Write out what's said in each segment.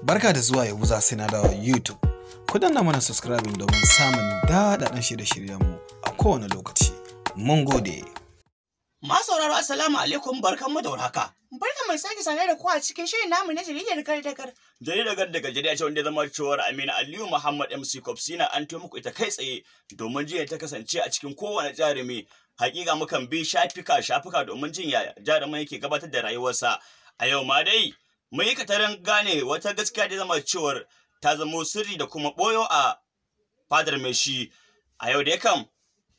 Barka da zuwa yau za sai na dawo YouTube. Ku danna mana subscribing domin samun daɗaɗɗen shirye-shiryenmu a kowane lokaci. Mun gode. Ma sauraro Assalamu alaikum barkanmu da warhaka. Barka mai sake sanar da ku a cikin shirin namu na jaridar gar. Jaridar gar jaridar ce wanda zama cewar Amina Aliyu Muhammad MC Kopsina an tuyo muku ita kai tsaye domin jiya ta kasance a cikin kowane jarumi. Hakika mukan bi shafika shafika domin jin yaya jarumin yake gabatar da rayuwarsa. A yau ma dai mun yi katarin gane wata gaskiya da zama cewar ta zamo sirri da kuma boyo a fadar mai shi a yau dai kam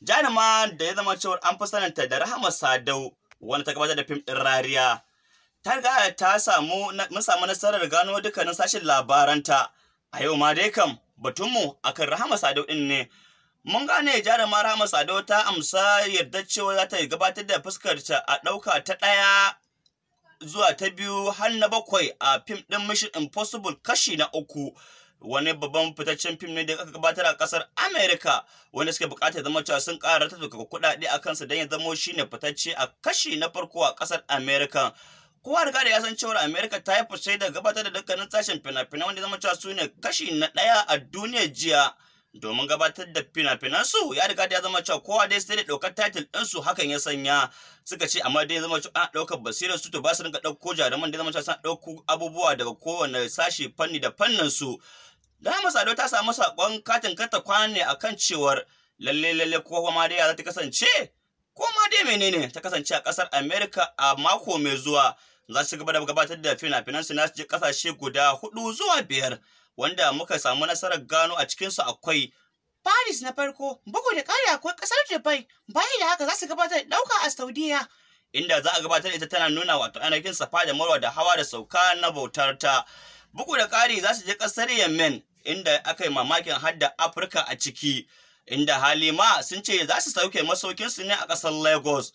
janima da ya zama cewar an fi sananta da rahama sadau wanda ta gabata da fim ɗin rariya ta riga ta samu mun samu nasarar gano dukkanin sashen labaranta a yau ma dai kam batunmu akan rahama sadau ɗin ne mun gane jarumar rahama sadau ta amsa yarda cewa za ta gabatar da fuskarta a ɗauka ta ɗaya zuwa ta biyu har na bakwai a fim ɗin Mission Impossible kashi na uku. wani babban fitaccen fim ne da aka gabatar a kasar Amerika wanda suke bukatar zama cewa sun ƙara ta kuɗaɗe a kansa don ya zamo ne fitacce a kashi na farko a kasar Amerika. kowa riga da ya san cewar amerika ta yi fashe da gabatar da dukkanin sashen fina-finai wanda zama cewa su ne kashi na ɗaya a duniya jiya domin gabatar da fina-finansu ya riga da ya zama cewa kowa dai sai da ɗaukar ɗin ɗinsu hakan ya sanya suka ce amma dai zama cewa an ɗaukar basirar su to ba su rinka ɗauko jaruman da zama cewa sun ɗauko abubuwa daga kowane sashi fanni da fannin su Lama Sado ta samu saƙon katin kata kwana ne akan cewar lalle lalle kowa ma dai ya za ta kasance ko ma dai menene ta kasance a ƙasar America a mako mai zuwa za su gaba da gabatar da fina-finansu na su kasashe guda hudu zuwa biyar wanda muka samu nasarar gano a cikinsu akwai Paris na farko bugu da ƙari akwai kasar Dubai bayan da haka za su gabatar da ɗauka a Saudiya. Inda za a gabatar da ita tana nuna wato anakin safa da marwa da hawa da sauka na bautar ta. Bugu da kari za su je kasar Yemen inda aka yi mamakin hadda Afirka a ciki. Inda Halima sun ce za su sauke masaukinsu ne a kasar Lagos.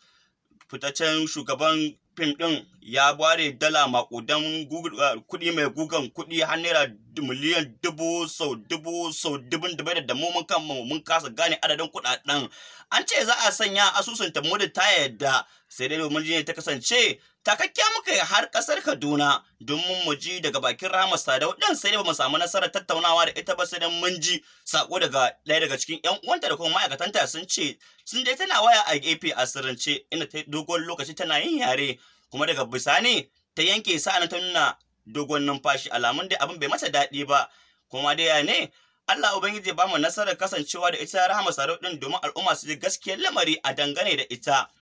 Fitaccen shugaban fim ɗin ya ware dala makudan uh, kuɗi mai gugan kuɗi har naira miliyan dubu sau dubu sau dubu dubai da mu mun kan mun kasa gane adadin kuɗaɗen an ce za a sanya asusun ta mudu ta yadda sai dai domin jini ta kasance takakkiya muka yi har kasar kaduna domin mu ji daga bakin rama sadau ɗin sai dai ba mu samu nasarar tattaunawa da ita ba sai dan mun ji sako daga ɗaya daga cikin yan uwanta da kuma ma'aikatanta sun ce sun dai tana waya a gefe a sirrance Ina ta dogon lokaci tana yin yare kuma daga bisani ta yanke sa'ana ta nuna dogon numfashi alamun da abin bai masa daɗi ba kuma da ya ne Allah Ubangiji ba mu nasarar kasancewa da ita rahama sarau din domin al'umma su ji gaskiyar lamari a dangane da ita